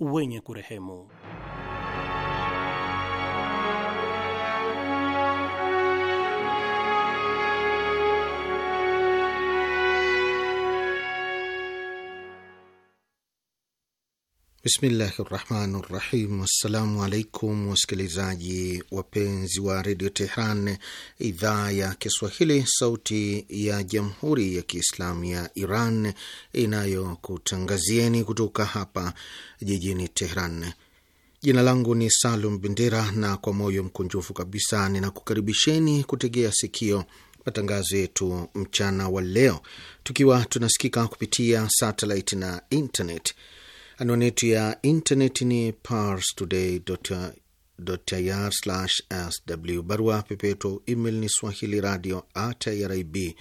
wenye kurehemu. Bismillahi rahmani rahim. Assalamu alaikum wasikilizaji wapenzi wa redio Tehran, idhaa ya Kiswahili, sauti ya jamhuri ya kiislamu ya Iran inayokutangazieni kutoka hapa jijini Tehran. Jina langu ni Salum Bendera na kwa moyo mkunjufu kabisa ninakukaribisheni kutegea sikio matangazo yetu mchana wa leo, tukiwa tunasikika kupitia satellite na internet. Anwani yetu ya intaneti ni parstoday.ir/sw. Barua pepeto email ni swahili radio at irib .ir.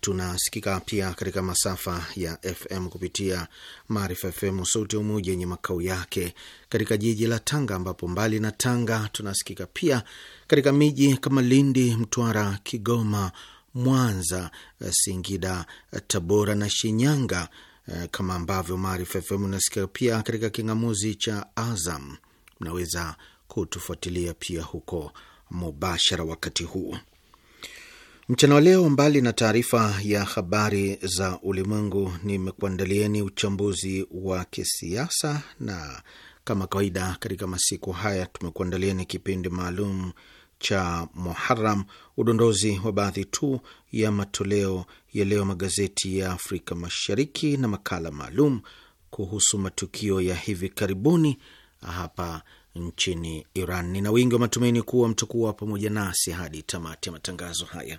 Tunasikika pia katika masafa ya FM kupitia Maarifa FM sauti ya Umoja yenye makao yake katika jiji la Tanga, ambapo mbali na Tanga tunasikika pia katika miji kama Lindi, Mtwara, Kigoma, Mwanza, Singida, Tabora na Shinyanga Eh, kama ambavyo Maarifa FM unasikia pia katika kingamuzi cha Azam. Mnaweza kutufuatilia pia huko mubashara. Wakati huu mchana wa leo, mbali na taarifa ya habari za ulimwengu, nimekuandalieni uchambuzi wa kisiasa, na kama kawaida katika masiku haya tumekuandalieni kipindi maalum cha Muharam, udondozi wa baadhi tu ya matoleo ya leo magazeti ya Afrika Mashariki na makala maalum kuhusu matukio ya hivi karibuni hapa nchini Iran. Nina wingi wa matumaini kuwa mtakuwa pamoja nasi hadi tamati ya matangazo haya.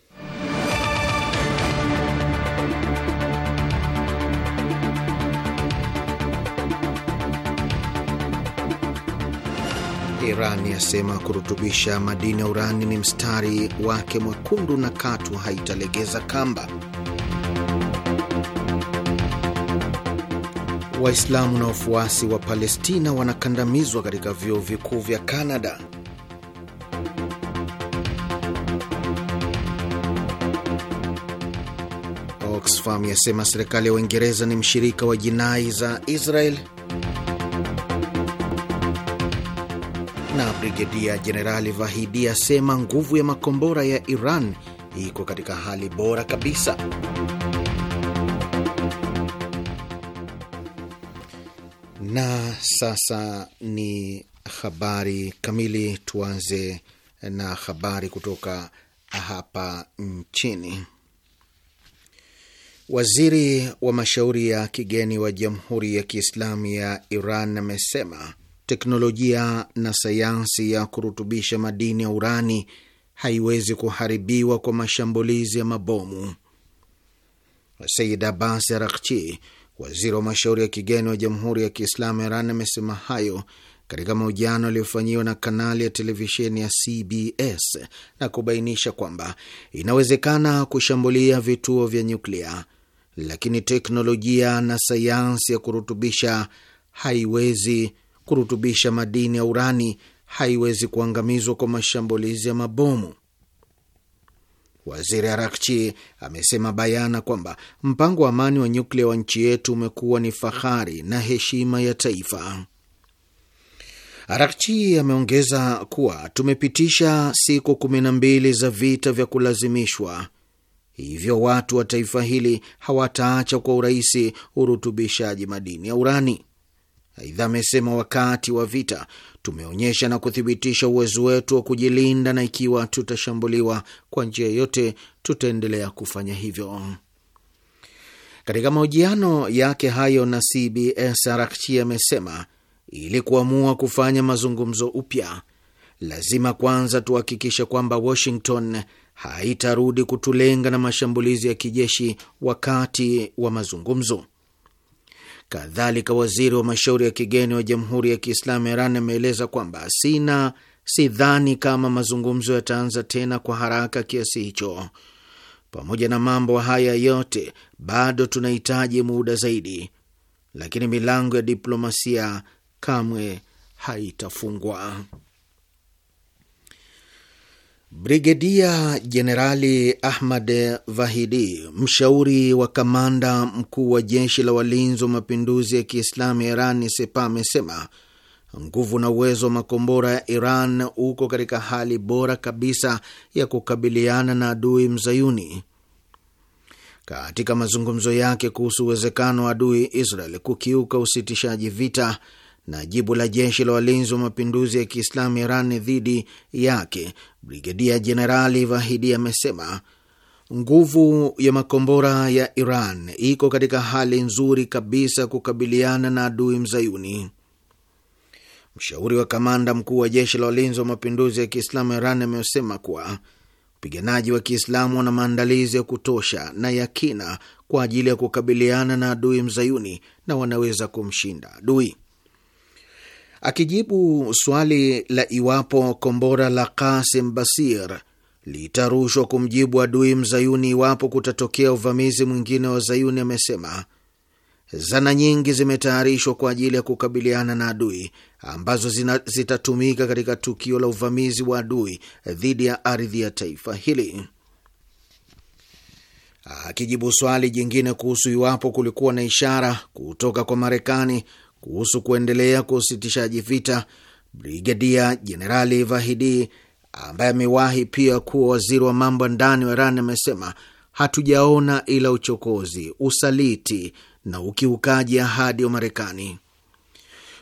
Iran yasema kurutubisha madini ya urani ni mstari wake mwekundu na katu haitalegeza kamba. Waislamu na wafuasi wa Palestina wanakandamizwa katika vyuo vikuu vya Kanada. Oxfam yasema serikali ya Uingereza ni mshirika wa jinai za Israel. Brigedia Jenerali Vahidi asema nguvu ya makombora ya Iran iko katika hali bora kabisa. Na sasa ni habari kamili. Tuanze na habari kutoka hapa nchini. Waziri wa mashauri ya kigeni wa Jamhuri ya Kiislamu ya Iran amesema teknolojia na sayansi ya kurutubisha madini ya urani haiwezi kuharibiwa kwa mashambulizi ya mabomu. Sayid Abbas Arakchi, waziri wa mashauri ya kigeni wa Jamhuri ya Kiislamu Iran, amesema hayo katika mahojiano aliyofanyiwa na kanali ya televisheni ya CBS na kubainisha kwamba inawezekana kushambulia vituo vya nyuklia, lakini teknolojia na sayansi ya kurutubisha haiwezi kurutubisha madini ya urani haiwezi kuangamizwa kwa mashambulizi ya mabomu. Waziri Arakchi amesema bayana kwamba mpango wa amani wa nyuklia wa nchi yetu umekuwa ni fahari na heshima ya taifa. Arakchi ameongeza kuwa tumepitisha siku kumi na mbili za vita vya kulazimishwa, hivyo watu wa taifa hili hawataacha kwa urahisi urutubishaji madini ya urani. Aidha amesema wakati wa vita tumeonyesha na kuthibitisha uwezo wetu wa kujilinda, na ikiwa tutashambuliwa kwa njia yoyote, tutaendelea kufanya hivyo. Katika mahojiano yake hayo na CBS, Arakchi amesema ili kuamua kufanya mazungumzo upya, lazima kwanza tuhakikishe kwamba Washington haitarudi kutulenga na mashambulizi ya kijeshi wakati wa mazungumzo. Kadhalika, waziri wa mashauri ya kigeni wa Jamhuri ya Kiislamu ya Iran ameeleza kwamba sina, sidhani kama mazungumzo yataanza tena kwa haraka kiasi hicho. Pamoja na mambo haya yote, bado tunahitaji muda zaidi, lakini milango ya diplomasia kamwe haitafungwa. Brigedia Jenerali Ahmad Vahidi, mshauri wa kamanda mkuu wa jeshi la walinzi wa mapinduzi ya Kiislamu ya Iran Sepa, amesema nguvu na uwezo wa makombora ya Iran uko katika hali bora kabisa ya kukabiliana na adui mzayuni. Katika mazungumzo yake kuhusu uwezekano wa adui Israel kukiuka usitishaji vita na jibu la jeshi la walinzi wa mapinduzi ya Kiislamu Iran dhidi yake, Brigedia Jenerali Vahidi amesema nguvu ya makombora ya Iran iko katika hali nzuri kabisa kukabiliana na adui mzayuni. Mshauri wa kamanda mkuu wa jeshi la walinzi wa mapinduzi ya Kiislamu Iran amesema kuwa wapiganaji wa Kiislamu wana maandalizi ya kutosha na ya kina kwa ajili ya kukabiliana na adui mzayuni na wanaweza kumshinda adui. Akijibu swali la iwapo kombora la Kasim Basir litarushwa kumjibu adui mzayuni iwapo kutatokea uvamizi mwingine wa zayuni, amesema zana nyingi zimetayarishwa kwa ajili ya kukabiliana na adui ambazo zina, zitatumika katika tukio la uvamizi wa adui dhidi ya ardhi ya taifa hili. Akijibu swali jingine kuhusu iwapo kulikuwa na ishara kutoka kwa Marekani kuhusu kuendelea kwa usitishaji vita, Brigedia Jenerali Vahidi ambaye amewahi pia kuwa waziri wa mambo ya ndani wa Iran amesema hatujaona ila uchokozi, usaliti na ukiukaji ahadi wa Marekani.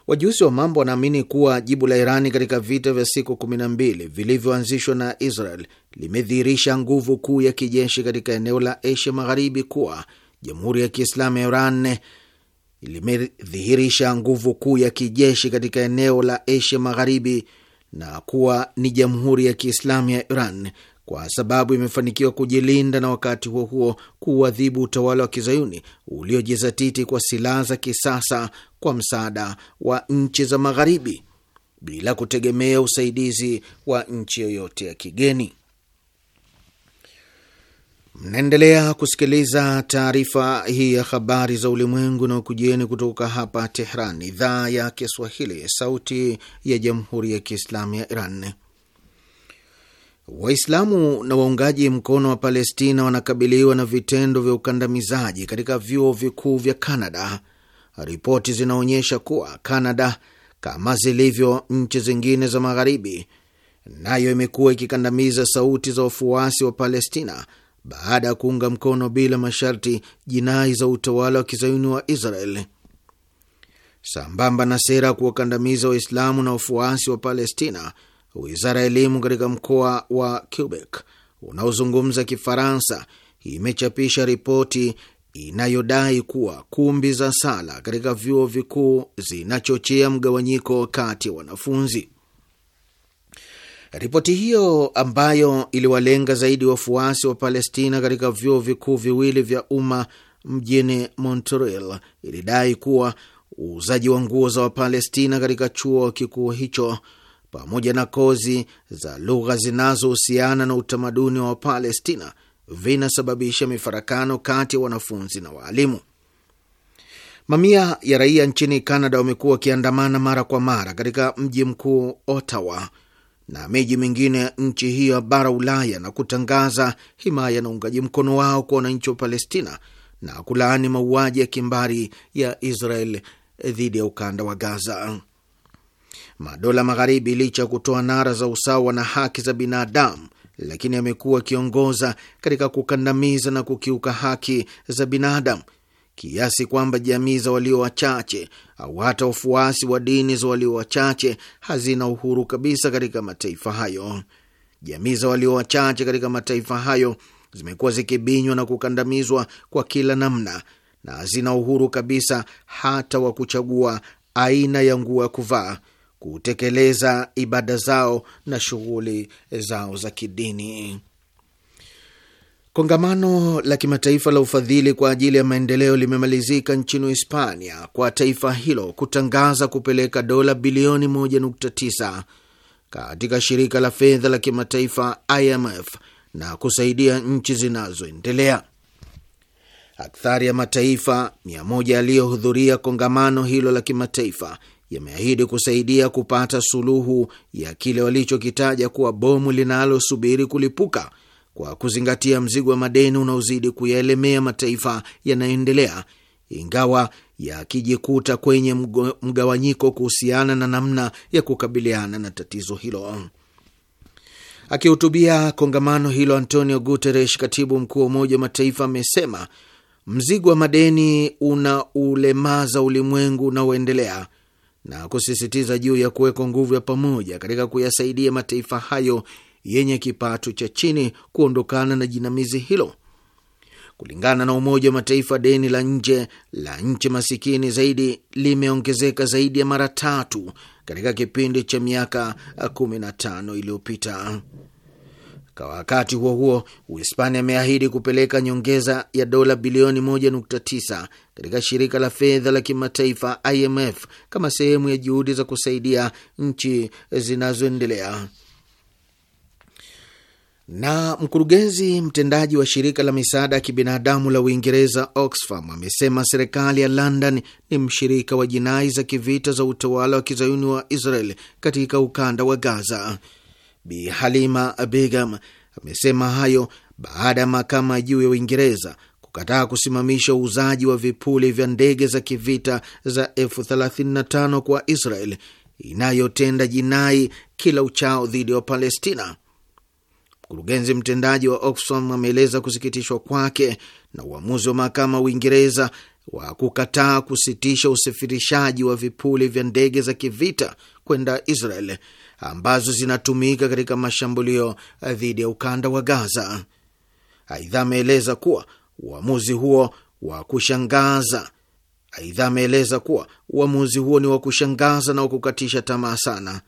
Wajuzi wa mambo wanaamini kuwa jibu la Irani katika vita vya siku kumi na mbili vilivyoanzishwa na Israel limedhihirisha nguvu kuu ya kijeshi katika eneo la Asia Magharibi, kuwa Jamhuri ya Kiislamu ya Iran limedhihirisha nguvu kuu ya kijeshi katika eneo la Asia Magharibi na kuwa ni Jamhuri ya Kiislamu ya Iran kwa sababu imefanikiwa kujilinda na wakati huo huo kuuadhibu utawala wa kizayuni uliojizatiti kwa silaha za kisasa kwa msaada wa nchi za Magharibi bila kutegemea usaidizi wa nchi yoyote ya kigeni. Mnaendelea kusikiliza taarifa hii ya habari za ulimwengu na ukujieni kutoka hapa Tehran, idhaa ya Kiswahili, sauti ya jamhuri ya kiislamu ya Iran. Waislamu na waungaji mkono wa Palestina wanakabiliwa na vitendo vya ukandamizaji katika vyuo vikuu vya Kanada. Ripoti zinaonyesha kuwa Kanada, kama zilivyo nchi zingine za Magharibi, nayo imekuwa ikikandamiza sauti za wafuasi wa Palestina baada ya kuunga mkono bila masharti jinai za utawala wa kizayuni wa Israel sambamba na sera kuwakandamiza Waislamu na wafuasi wa Palestina. Wizara ya elimu katika mkoa wa Quebec unaozungumza Kifaransa imechapisha ripoti inayodai kuwa kumbi za sala katika vyuo vikuu zinachochea mgawanyiko kati ya wanafunzi. Ripoti hiyo ambayo iliwalenga zaidi wafuasi wa Palestina katika vyuo vikuu viwili vya umma mjini Montreal ilidai kuwa uuzaji wa nguo za Wapalestina katika chuo kikuu hicho pamoja na kozi za lugha zinazohusiana na utamaduni wa Wapalestina vinasababisha mifarakano kati ya wanafunzi na waalimu. Mamia ya raia nchini Canada wamekuwa wakiandamana mara kwa mara katika mji mkuu Ottawa na miji mingine ya nchi hiyo ya bara Ulaya na kutangaza himaya na uungaji mkono wao kwa wananchi wa Palestina na kulaani mauaji ya kimbari ya Israel dhidi ya ukanda wa Gaza. Madola Magharibi, licha ya kutoa nara za usawa na haki za binadamu, lakini amekuwa akiongoza katika kukandamiza na kukiuka haki za binadamu kiasi kwamba jamii za walio wachache au hata wafuasi wa dini za walio wachache hazina uhuru kabisa katika mataifa hayo. Jamii za walio wachache katika mataifa hayo zimekuwa zikibinywa na kukandamizwa kwa kila namna na hazina uhuru kabisa hata wa kuchagua aina ya nguo ya kuvaa, kutekeleza ibada zao na shughuli zao za kidini. Kongamano la kimataifa la ufadhili kwa ajili ya maendeleo limemalizika nchini Hispania kwa taifa hilo kutangaza kupeleka dola bilioni 1.9 katika shirika la fedha la kimataifa IMF na kusaidia nchi zinazoendelea. Akthari ya mataifa 100 yaliyohudhuria kongamano hilo la kimataifa yameahidi kusaidia kupata suluhu ya kile walichokitaja kuwa bomu linalosubiri kulipuka kwa kuzingatia mzigo wa madeni unaozidi kuyaelemea mataifa yanayoendelea, ingawa yakijikuta kwenye mgawanyiko kuhusiana na namna ya kukabiliana na tatizo hilo. Akihutubia kongamano hilo, Antonio Guterres, katibu mkuu wa Umoja wa Mataifa, amesema mzigo wa madeni una ulemaza ulimwengu unaoendelea na kusisitiza juu ya kuwekwa nguvu ya pamoja katika kuyasaidia mataifa hayo yenye kipato cha chini kuondokana na jinamizi hilo. Kulingana na Umoja wa Mataifa, deni la nje la nchi masikini zaidi limeongezeka zaidi ya mara tatu katika kipindi cha miaka 15 iliyopita. Kwa wakati huo huo, Uhispania ameahidi kupeleka nyongeza ya dola bilioni 1.9 katika shirika la fedha la kimataifa IMF kama sehemu ya juhudi za kusaidia nchi zinazoendelea. Na mkurugenzi mtendaji wa shirika la misaada ya kibinadamu la Uingereza Oxfam amesema serikali ya London ni mshirika wa jinai za kivita za utawala wa kizayuni wa Israel katika ukanda wa Gaza. Bi Halima Begum amesema hayo baada ya mahakama ya juu ya Uingereza kukataa kusimamisha uuzaji wa vipuli vya ndege za kivita za F35 kwa Israel inayotenda jinai kila uchao dhidi ya Palestina. Mkurugenzi mtendaji wa Oxfam ameeleza kusikitishwa kwake na uamuzi wa mahakama wa Uingereza wa kukataa kusitisha usafirishaji wa vipuli vya ndege za kivita kwenda Israel ambazo zinatumika katika mashambulio dhidi ya ukanda wa Gaza. Aidha ameeleza kuwa uamuzi huo wa kushangaza aidha ameeleza kuwa uamuzi huo ni wa kushangaza na wa kukatisha tamaa sana.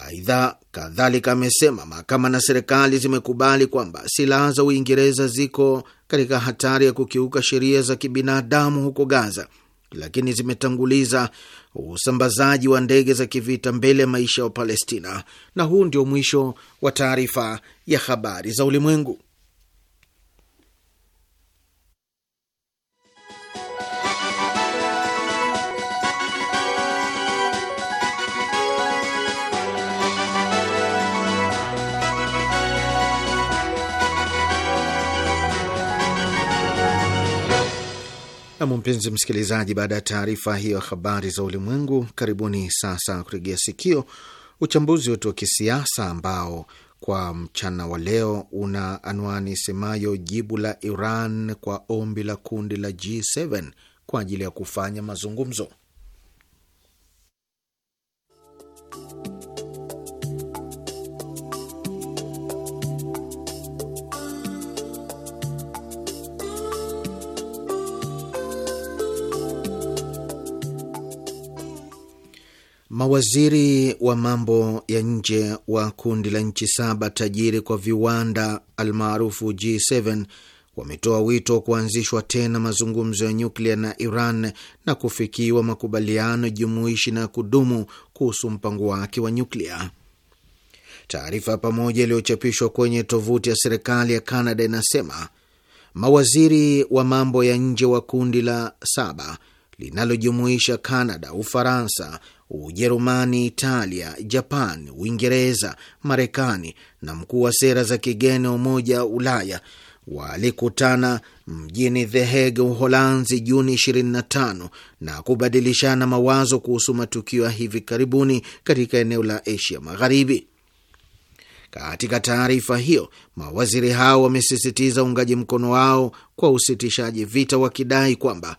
Aidha, kadhalika amesema mahakama na serikali zimekubali kwamba silaha za Uingereza ziko katika hatari ya kukiuka sheria za kibinadamu huko Gaza, lakini zimetanguliza usambazaji wa ndege za kivita mbele ya maisha ya Wapalestina. Na huu ndio mwisho wa taarifa ya habari za ulimwengu. Nam, mpenzi msikilizaji, baada ya taarifa hiyo habari za ulimwengu, karibuni sasa kurejea sikio uchambuzi wetu wa kisiasa ambao kwa mchana wa leo una anwani semayo jibu la Iran kwa ombi la kundi la G7 kwa ajili ya kufanya mazungumzo. Mawaziri wa mambo ya nje wa kundi la nchi saba tajiri kwa viwanda almaarufu G7 wametoa wito wa kuanzishwa tena mazungumzo ya nyuklia na Iran na kufikiwa makubaliano jumuishi na kudumu kuhusu mpango wake wa nyuklia. Taarifa ya pamoja iliyochapishwa kwenye tovuti ya serikali ya canada inasema mawaziri wa mambo ya nje wa kundi la saba linalojumuisha canada Ufaransa, Ujerumani, Italia, Japan, Uingereza, Marekani na mkuu wa sera za kigeni wa Umoja wa Ulaya walikutana mjini The Hague, Uholanzi, Juni 25 na kubadilishana mawazo kuhusu matukio ya hivi karibuni katika eneo la Asia Magharibi. Katika taarifa hiyo, mawaziri hao wamesisitiza uungaji mkono wao kwa usitishaji vita, wakidai kwamba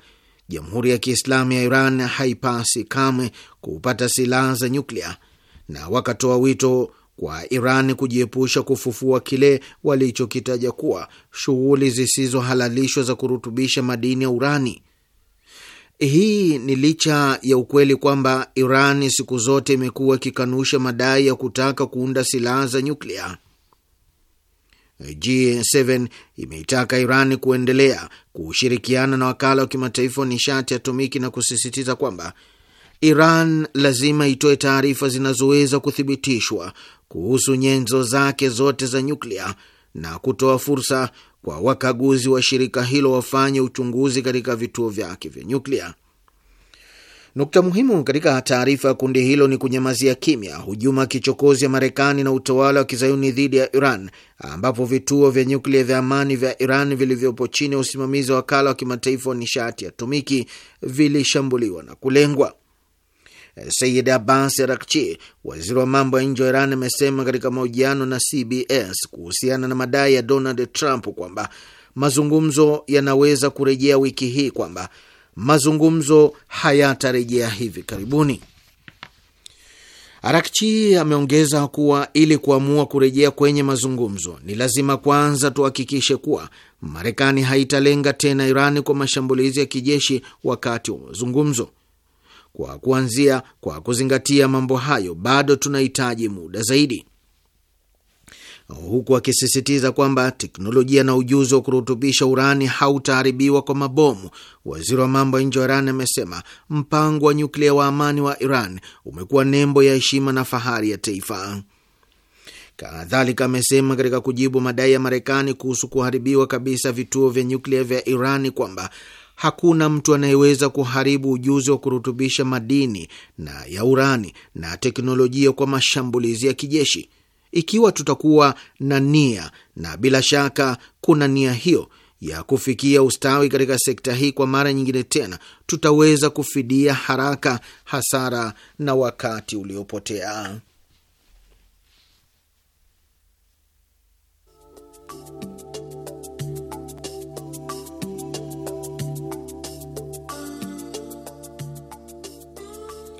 Jamhuri ya Kiislamu ya Iran haipasi kamwe kupata silaha za nyuklia, na wakatoa wito kwa Iran kujiepusha kufufua kile walichokitaja kuwa shughuli zisizohalalishwa za kurutubisha madini ya urani. Hii ni licha ya ukweli kwamba Iran siku zote imekuwa ikikanusha madai ya kutaka kuunda silaha za nyuklia. G7 imeitaka Iran kuendelea kushirikiana na wakala wa kimataifa wa nishati ya atomiki na kusisitiza kwamba Iran lazima itoe taarifa zinazoweza kuthibitishwa kuhusu nyenzo zake zote za nyuklia na kutoa fursa kwa wakaguzi wa shirika hilo wafanye uchunguzi katika vituo vyake vya nyuklia. Nukta muhimu katika taarifa ya kundi hilo ni kunyamazia kimya hujuma kichokozi ya Marekani na utawala wa kizayuni dhidi ya Iran, ambapo vituo vya nyuklia vya amani vya Iran vilivyopo chini ya usimamizi wa wakala wa kimataifa wa nishati ya atomiki vilishambuliwa na kulengwa. Sayid Abbas Arakchi, waziri wa mambo ya nje wa Iran, amesema katika mahojiano na CBS kuhusiana na madai ya Donald Trump kwamba mazungumzo yanaweza kurejea wiki hii kwamba mazungumzo hayatarejea hivi karibuni. Arakchi ameongeza kuwa ili kuamua kurejea kwenye mazungumzo ni lazima kwanza tuhakikishe kuwa Marekani haitalenga tena Irani kwa mashambulizi ya kijeshi wakati wa mazungumzo. Kwa kuanzia, kwa kuzingatia mambo hayo, bado tunahitaji muda zaidi huku akisisitiza kwamba teknolojia na ujuzi wa kurutubisha urani hautaharibiwa kwa mabomu. Waziri wa mambo ya nje wa Iran amesema mpango wa nyuklia wa amani wa Iran umekuwa nembo ya heshima na fahari ya taifa. Kadhalika amesema katika kujibu madai ya Marekani kuhusu kuharibiwa kabisa vituo vya nyuklia vya Irani kwamba hakuna mtu anayeweza kuharibu ujuzi wa kurutubisha madini na ya urani na teknolojia kwa mashambulizi ya kijeshi ikiwa tutakuwa na nia, na bila shaka kuna nia hiyo ya kufikia ustawi katika sekta hii, kwa mara nyingine tena tutaweza kufidia haraka hasara na wakati uliopotea.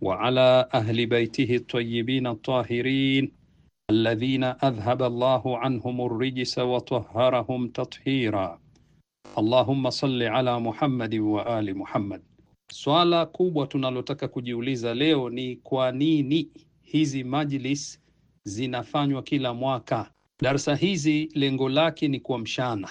wa ala ahli baitihi at-tayyibin at-tahirin alladhina adhhaba Allahu anhum ar-rijsa wa tahharahum tathira Allahumma salli ala Muhammad wa ali Muhammad. Swala kubwa tunalotaka kujiuliza leo ni kwa nini hizi majlis zinafanywa kila mwaka? Darsa hizi lengo lake ni kuamshana.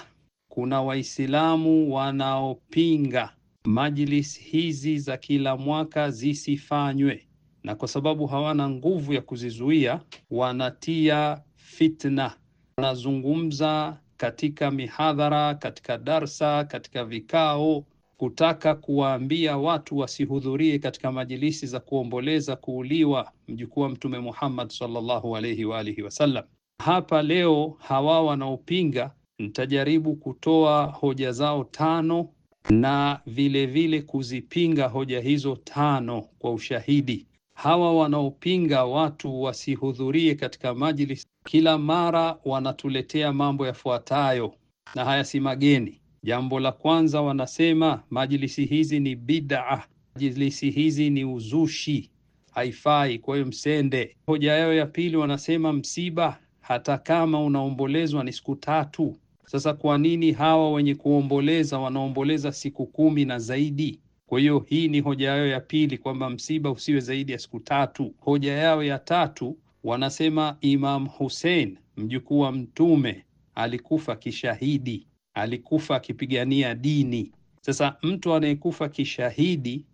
Kuna Waislamu wanaopinga Majlis hizi za kila mwaka zisifanywe, na kwa sababu hawana nguvu ya kuzizuia, wanatia fitna, wanazungumza katika mihadhara, katika darsa, katika vikao, kutaka kuwaambia watu wasihudhurie katika majilisi za kuomboleza kuuliwa mjukuu wa Mtume Muhammad sallallahu alaihi wa alihi wasallam. Hapa leo hawa wanaopinga, nitajaribu kutoa hoja zao tano na vilevile vile kuzipinga hoja hizo tano kwa ushahidi. Hawa wanaopinga watu wasihudhurie katika majlis, kila mara wanatuletea mambo yafuatayo, na haya si mageni. Jambo la kwanza, wanasema majlisi hizi ni bid'a, majlisi hizi ni uzushi, haifai, kwa hiyo msende. Hoja yao ya pili, wanasema msiba hata kama unaombolezwa ni siku tatu sasa kwa nini hawa wenye kuomboleza wanaomboleza siku kumi na zaidi? Kwa hiyo hii ni hoja yao ya pili, kwamba msiba usiwe zaidi ya siku tatu. Hoja yao ya tatu wanasema Imam Hussein mjukuu wa Mtume alikufa kishahidi, alikufa akipigania dini. Sasa mtu anayekufa kishahidi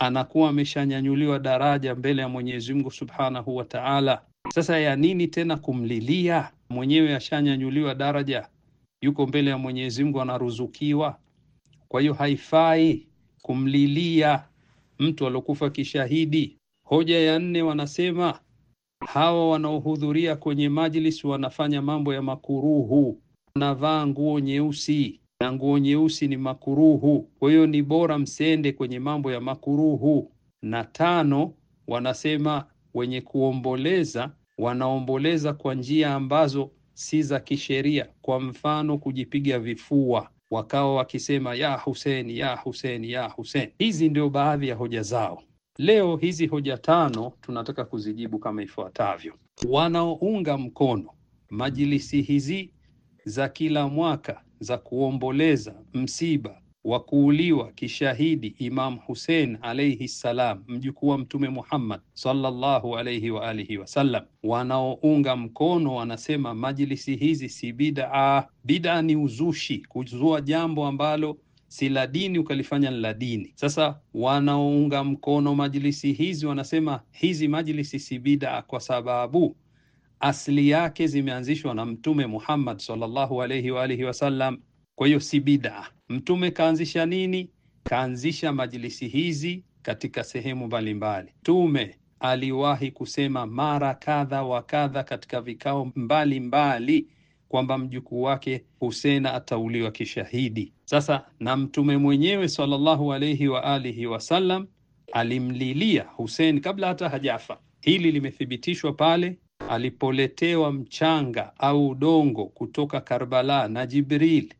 anakuwa ameshanyanyuliwa daraja mbele ya Mwenyezi Mungu Subhanahu wa Ta'ala. Sasa ya nini tena kumlilia? Mwenyewe ashanyanyuliwa daraja yuko mbele ya Mwenyezi Mungu anaruzukiwa. Kwa hiyo haifai kumlilia mtu aliokufa kishahidi. Hoja ya nne, wanasema hawa wanaohudhuria kwenye majlis wanafanya mambo ya makuruhu, wanavaa nguo nyeusi na nguo nyeusi ni makuruhu, kwa hiyo ni bora msende kwenye mambo ya makuruhu. Na tano, wanasema wenye kuomboleza wanaomboleza kwa njia ambazo si za kisheria, kwa mfano kujipiga vifua wakawa wakisema ya Hussein, ya Hussein, ya Hussein. Hizi ndio baadhi ya hoja zao. Leo hizi hoja tano tunataka kuzijibu kama ifuatavyo. Wanaounga mkono majilisi hizi za kila mwaka za kuomboleza msiba wa kuuliwa kishahidi Imam Hussein alayhi salam, mjukuu wa Mtume Muhammad sallallahu alayhi wa alihi wasallam. Wanaounga mkono wanasema majlisi hizi si bid'a. Bid'a ni uzushi, kuzua jambo ambalo si la dini ukalifanya ni la dini. Sasa wanaounga mkono majlisi hizi wanasema hizi majlisi si bid'a, kwa sababu asili yake zimeanzishwa na Mtume Muhammad sallallahu alayhi wa alihi wasallam, kwa hiyo si bid'a. Mtume kaanzisha nini? Kaanzisha majlisi hizi katika sehemu mbalimbali. Mtume aliwahi kusema mara kadha wa kadha katika vikao mbalimbali kwamba mjukuu wake Husena atauliwa kishahidi. Sasa na mtume mwenyewe sallallahu alayhi wa alihi wasallam alimlilia Husein kabla hata hajafa. Hili limethibitishwa pale alipoletewa mchanga au udongo kutoka Karbala na Jibril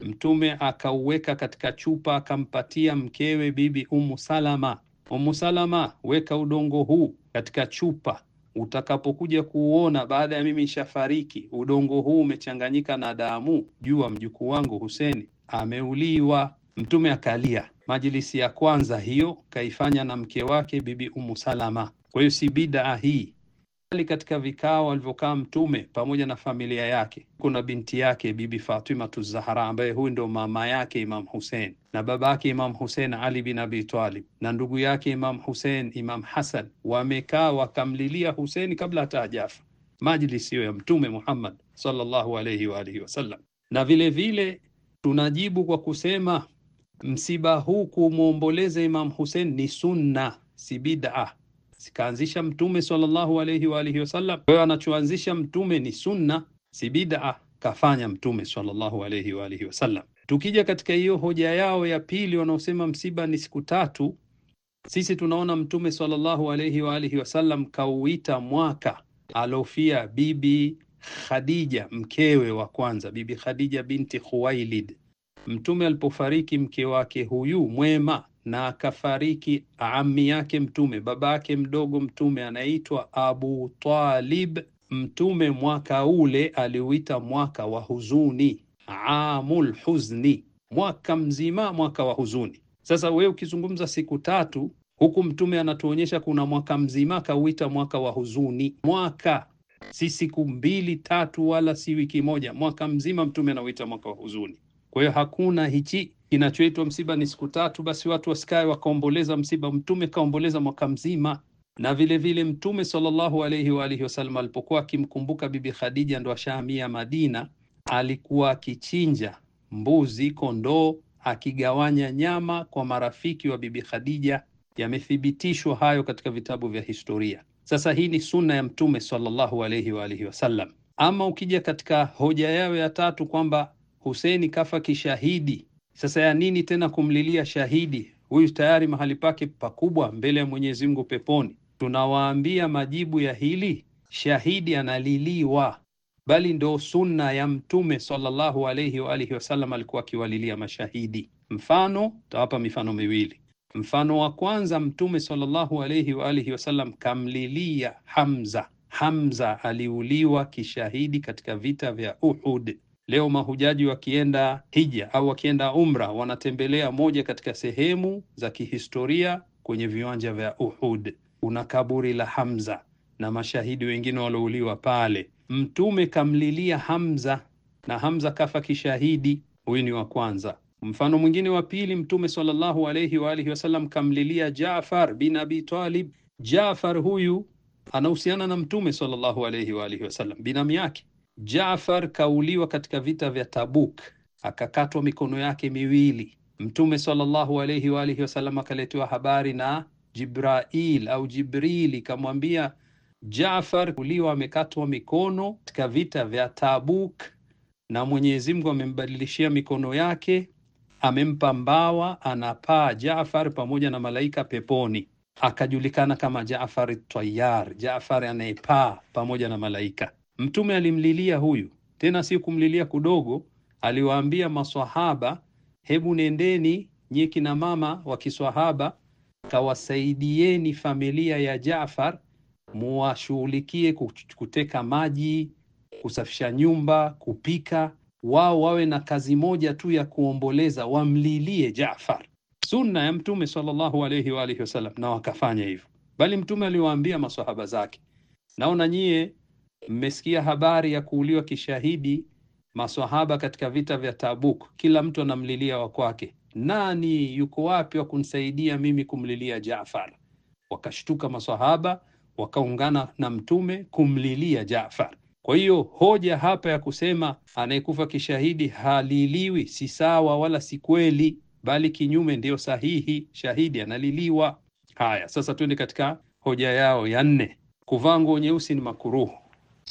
Mtume akauweka katika chupa akampatia mkewe Bibi Umu Salama. Umu Salama, weka udongo huu katika chupa, utakapokuja kuuona baada ya mimi nishafariki, udongo huu umechanganyika na damu, jua mjukuu wangu Huseni ameuliwa. Mtume akalia. Majilisi ya kwanza hiyo kaifanya na mke wake Bibi Umu Salama. Kwa hiyo si bidaa hii katika vikao alivyokaa Mtume pamoja na familia yake, kuna binti yake Bibi Fatima Tuzahara, ambaye huyu ndo mama yake Imam husen na baba yake Imam husen Ali bin Abi Talib na ndugu yake Imam husen Imam Hasan, wamekaa wakamlilia huseni kabla hata ajafa, Majlisi hiyo ya Mtume Muhammad sallallahu alayhi wa alihi wasallam. Na vilevile vile tunajibu kwa kusema msiba huu kumwomboleza Imam husen ni sunna, si bid'a zikaanzisha Mtume sallallahu alayhi wa alihi wasallam. Kwa hiyo anachoanzisha Mtume ni sunna, si bid'a, kafanya Mtume sallallahu alayhi wa alihi wasallam. Tukija katika hiyo hoja yao ya pili, wanaosema msiba ni siku tatu, sisi tunaona Mtume sallallahu alayhi wa alihi wasallam kauita mwaka alofia Bibi Khadija mkewe wa kwanza, Bibi Khadija binti Khuwailid. Mtume alipofariki mke wake huyu mwema na akafariki ammi yake Mtume, baba yake mdogo Mtume anaitwa Abu Talib. Mtume mwaka ule aliuita mwaka wa huzuni, amul huzni, mwaka mzima, mwaka wa huzuni. Sasa wewe ukizungumza siku tatu huku, Mtume anatuonyesha kuna mwaka mzima akauita mwaka wa huzuni. Mwaka si siku mbili tatu, wala si wiki moja, mwaka mzima Mtume anauita mwaka wa huzuni. Kwa hiyo hakuna hichi kinachoitwa msiba ni siku tatu, basi watu wasikae wakaomboleza msiba. Mtume kaomboleza mwaka mzima na vile vile Mtume sallallahu alaihi wa alihi wasallam alipokuwa akimkumbuka Bibi Khadija ndo ashahamia Madina, alikuwa akichinja mbuzi, kondoo, akigawanya nyama kwa marafiki wa Bibi Khadija. Yamethibitishwa hayo katika vitabu vya historia. Sasa hii ni sunna ya Mtume sallallahu alaihi wa alihi wasallam. Ama ukija katika hoja yao ya tatu kwamba Hussein kafa kishahidi. Sasa ya nini tena kumlilia shahidi? Huyu tayari mahali pake pakubwa mbele ya Mwenyezi Mungu peponi. Tunawaambia majibu ya hili, shahidi analiliwa, bali ndo sunna ya Mtume sallallahu alayhi wa alihi wasallam, alikuwa akiwalilia mashahidi. Mfano, tawapa mifano miwili. Mfano wa kwanza, Mtume sallallahu alayhi wa alihi wasallam kamlilia Hamza. Hamza aliuliwa kishahidi katika vita vya Uhud. Leo mahujaji wakienda hija au wakienda umra wanatembelea moja katika sehemu za kihistoria kwenye viwanja vya Uhud. Kuna kaburi la Hamza na mashahidi wengine walouliwa pale. Mtume kamlilia Hamza na Hamza kafa kishahidi. Huyu ni wa kwanza. Mfano mwingine wa pili, Mtume sallallahu alayhi wa alihi wasallam kamlilia jafar bin Abi Talib. jafar huyu anahusiana na Mtume sallallahu alayhi wa alihi wasallam, binamu yake Jaafar kauliwa katika vita vya Tabuk, akakatwa mikono yake miwili. Mtume sallallahu alayhi wa alihi wasallam akaletewa habari na Jibrail au Jibrili, ikamwambia Jaafar uliwa amekatwa mikono katika vita vya Tabuk, na Mwenyezi Mungu amembadilishia mikono yake, amempa mbawa, anapaa Jaafar pamoja na malaika peponi, akajulikana kama Jaafar Tayar, Jaafar anayepaa pamoja na malaika. Mtume alimlilia huyu, tena si kumlilia kudogo. Aliwaambia maswahaba, hebu nendeni nyie kina mama wa kiswahaba, kawasaidieni familia ya Jaafar, muwashughulikie kuteka maji, kusafisha nyumba, kupika. Wao wawe na kazi moja tu ya kuomboleza, wamlilie Jaafar, sunna ya Mtume sallallahu alayhi wa alihi wasallam. Na wakafanya hivyo, bali Mtume aliwaambia maswahaba zake, naona nyie Mmesikia habari ya kuuliwa kishahidi maswahaba katika vita vya Tabuk. Kila mtu anamlilia wa kwake, nani yuko wapi wa kunsaidia mimi kumlilia Jaafar? Wakashtuka maswahaba wakaungana na Mtume kumlilia Jaafar. Kwa hiyo hoja hapa ya kusema anayekufa kishahidi haliliwi si sawa wala si kweli, bali kinyume ndiyo sahihi, shahidi analiliwa. Haya, sasa tuende katika hoja yao ya nne. Kuvaa nguo nyeusi ni makuruhu.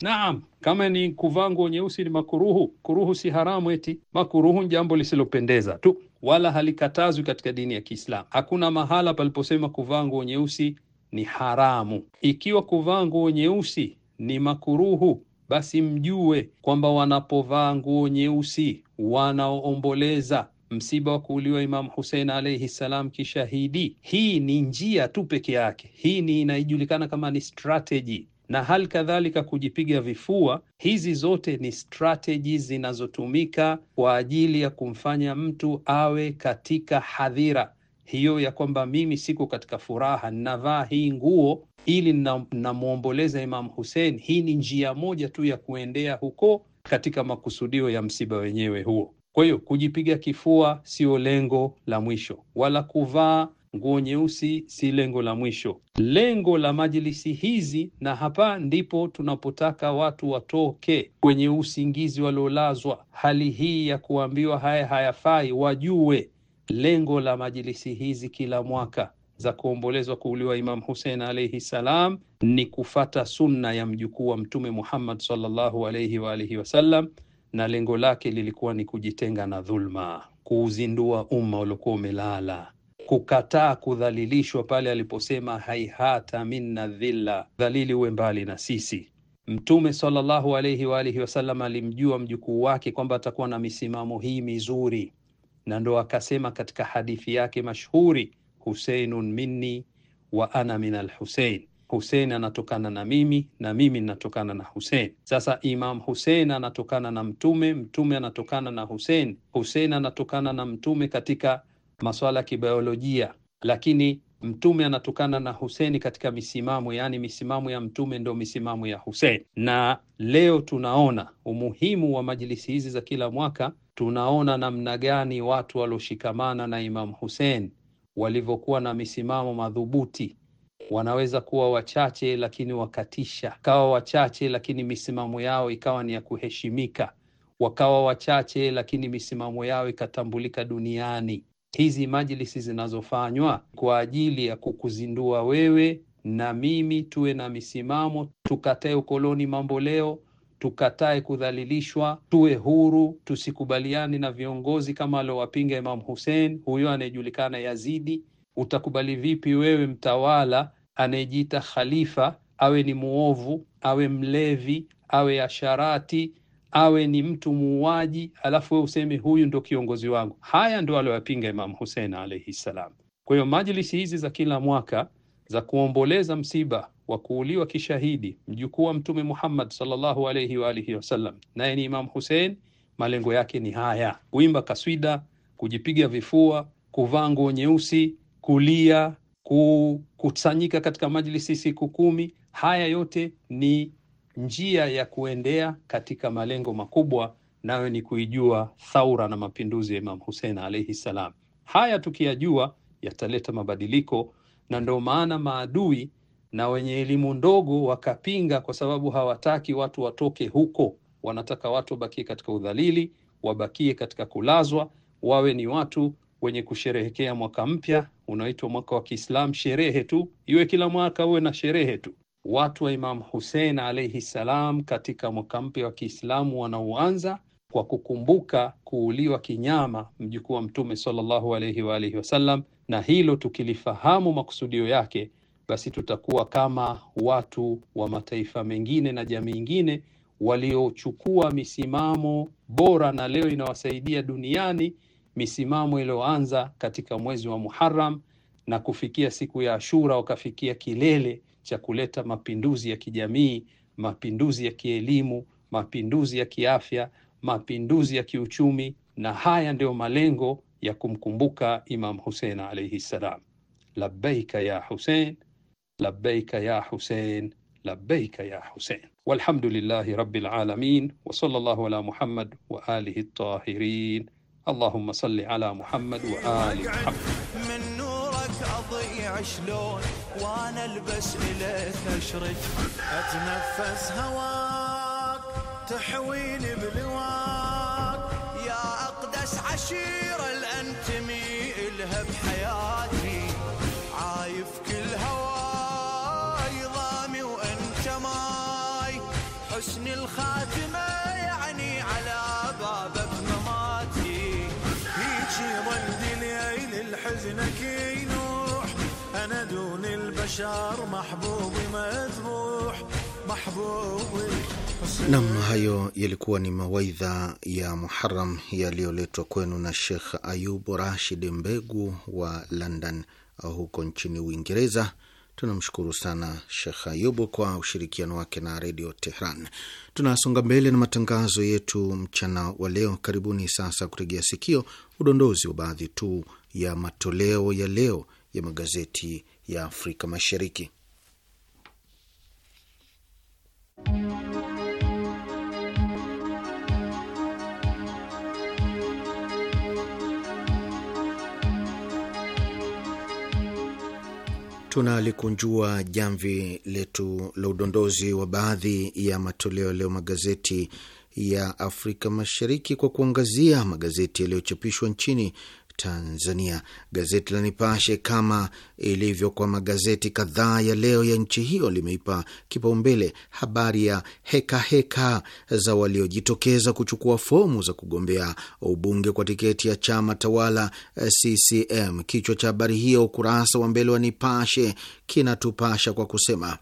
Naam, kama ni kuvaa nguo nyeusi ni makuruhu. Kuruhu si haramu, eti makuruhu ni jambo lisilopendeza tu, wala halikatazwi katika dini ya Kiislamu. Hakuna mahala paliposema kuvaa nguo nyeusi ni haramu. Ikiwa kuvaa nguo nyeusi ni makuruhu, basi mjue kwamba wanapovaa nguo nyeusi wanaoomboleza msiba wa kuuliwa Imamu Husein alaihi salam kishahidi. Hii ni njia tu peke yake, hii ni inajulikana kama ni strategy na hali kadhalika kujipiga vifua. Hizi zote ni strateji zinazotumika kwa ajili ya kumfanya mtu awe katika hadhira hiyo ya kwamba mimi siko katika furaha, ninavaa hii nguo ili namwomboleza na Imam Husein. Hii ni njia moja tu ya kuendea huko katika makusudio ya msiba wenyewe huo. Kwa hiyo kujipiga kifua sio lengo la mwisho, wala kuvaa nguo nyeusi si lengo la mwisho. Lengo la majilisi hizi, na hapa ndipo tunapotaka watu watoke kwenye usingizi waliolazwa, hali hii ya kuambiwa haya hayafai, wajue lengo la majilisi hizi kila mwaka za kuombolezwa kuuliwa Imam Husein alaihi salam ni kufata sunna ya mjukuu wa Mtume Muhammad sallallahu alaihi wa alihi wasallam, na lengo lake lilikuwa ni kujitenga na dhulma, kuuzindua umma uliokuwa umelala kukataa kudhalilishwa pale aliposema haihata minna dhilla, dhalili uwe mbali na sisi. Mtume sallallahu wa alihi wasallam alimjua mjukuu wake kwamba atakuwa na misimamo hii mizuri, na ndo akasema katika hadithi yake mashhuri, huseinun minni wa ana min alhusein, Husein anatokana na mimi na mimi ninatokana na Husein. Sasa Imam Husein anatokana na Mtume, Mtume anatokana na Husein, Husein anatokana na Mtume katika masuala ya kibiolojia, lakini Mtume anatokana na Huseni katika misimamo, yaani misimamo ya Mtume ndio misimamo ya Huseni. Na leo tunaona umuhimu wa majlisi hizi za kila mwaka, tunaona namna gani watu walioshikamana na Imamu Hussein walivyokuwa na misimamo madhubuti. Wanaweza kuwa wachache lakini wakatisha, kawa wachache lakini misimamo yao ikawa ni ya kuheshimika, wakawa wachache lakini misimamo yao ikatambulika duniani hizi majlisi zinazofanywa kwa ajili ya kukuzindua wewe na mimi tuwe na misimamo, tukatae ukoloni mambo leo, tukatae kudhalilishwa, tuwe huru, tusikubaliani na viongozi kama aliowapinga Imam Hussein, huyo anayejulikana Yazidi. Utakubali vipi wewe mtawala anayejiita khalifa awe ni muovu, awe mlevi, awe asharati awe ni mtu muuaji, alafu wewe useme huyu ndo kiongozi wangu. Haya ndo aliyoyapinga Imam Hussein alaihi ssalam. Kwa hiyo majlisi hizi za kila mwaka za kuomboleza msiba wa kuuliwa kishahidi mjukuu wa Mtume Muhammad sallallahu alaihi wa alihi wasallam, naye ni Imam Hussein, malengo yake ni haya: kuimba kaswida, kujipiga vifua, kuvaa nguo nyeusi, kulia, kukusanyika katika majlisi siku kumi. Haya yote ni njia ya kuendea katika malengo makubwa, nayo ni kuijua thaura na mapinduzi ya Imam Hussein alaihi salam. Haya tukiyajua yataleta mabadiliko, na ndio maana maadui na wenye elimu ndogo wakapinga, kwa sababu hawataki watu watoke huko, wanataka watu wabakie katika udhalili, wabakie katika kulazwa, wawe ni watu wenye kusherehekea mwaka mpya unaoitwa mwaka wa Kiislamu. Sherehe tu iwe kila mwaka uwe na sherehe tu watu wa Imam Husein alaihi ssalam katika mwaka mpya wa Kiislamu wanaoanza kwa kukumbuka kuuliwa kinyama mjukuu wa Mtume sallallahu alaihi wa alihi wasallam, na hilo tukilifahamu makusudio yake, basi tutakuwa kama watu wa mataifa mengine na jamii ingine waliochukua misimamo bora na leo inawasaidia duniani, misimamo iliyoanza katika mwezi wa Muharram na kufikia siku ya Ashura wakafikia kilele cha kuleta mapinduzi ya kijamii, mapinduzi ya kielimu, mapinduzi ya kiafya, mapinduzi ya kiuchumi, na haya ndiyo malengo ya kumkumbuka Imam Husein alaihi ssalam. Labbaika ya Husein, labbaika ya Husein, labbaika ya Husein. Walhamdulillahi rabbil alamin wa sallallahu ala Muhammad wa alihi tahirin. Allahumma salli ala Muhammad wa ali Muhammad. اضيع شلون وانا البس اليك اشرج اتنفس هواك تحويني بلواك يا اقدس عشيره الانتمي الها بحياتي Nam, hayo yalikuwa ni mawaidha ya Muharam yaliyoletwa kwenu na Shekh Ayub Rashid Mbegu wa London uh, huko nchini Uingereza. Tunamshukuru sana Shekh Ayubu kwa ushirikiano wake na Redio Tehran. Tunasonga mbele na matangazo yetu mchana wa leo. Karibuni sasa kutegea sikio udondozi wa baadhi tu ya matoleo ya leo ya magazeti ya Afrika Mashariki. Tunalikunjua jamvi letu la udondozi wa baadhi ya matoleo leo magazeti ya Afrika Mashariki kwa kuangazia magazeti yaliyochapishwa nchini Tanzania. Gazeti la Nipashe, kama ilivyo kwa magazeti kadhaa ya leo ya nchi hiyo, limeipa kipaumbele habari ya hekaheka heka za waliojitokeza kuchukua fomu za kugombea ubunge kwa tiketi ya chama tawala eh, CCM. Kichwa cha habari hiyo ukurasa wa mbele wa Nipashe kinatupasha kwa kusema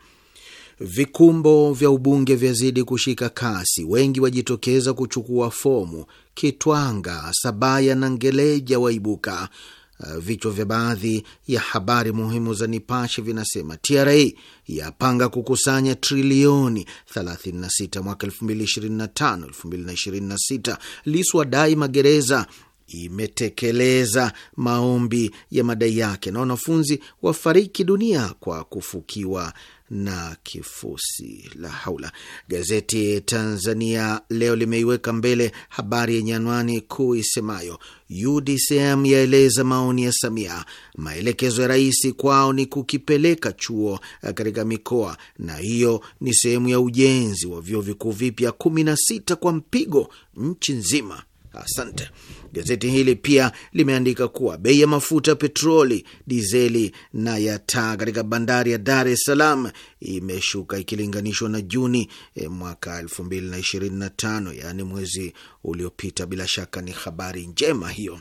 Vikumbo vya ubunge vyazidi kushika kasi, wengi wajitokeza kuchukua fomu. Kitwanga, Sabaya na Ngeleja waibuka. Uh, vichwa vya baadhi ya habari muhimu za Nipashe vinasema TRA yapanga kukusanya trilioni 36 mwaka 2025 2026. magereza imetekeleza maombi ya madai yake, na wanafunzi wafariki dunia kwa kufukiwa na kifusi. La haula. Gazeti Tanzania Leo limeiweka mbele habari yenye anwani kuu isemayo UDCM yaeleza maoni ya Samia, maelekezo ya rais kwao ni kukipeleka chuo katika mikoa, na hiyo ni sehemu ya ujenzi wa vyuo vikuu vipya 16 kwa mpigo nchi nzima. Asante. Gazeti hili pia limeandika kuwa bei ya mafuta petroli, dizeli na ya taa katika bandari ya Dar es Salaam imeshuka ikilinganishwa na Juni e, mwaka 2025 yaani mwezi uliopita. Bila shaka ni habari njema hiyo.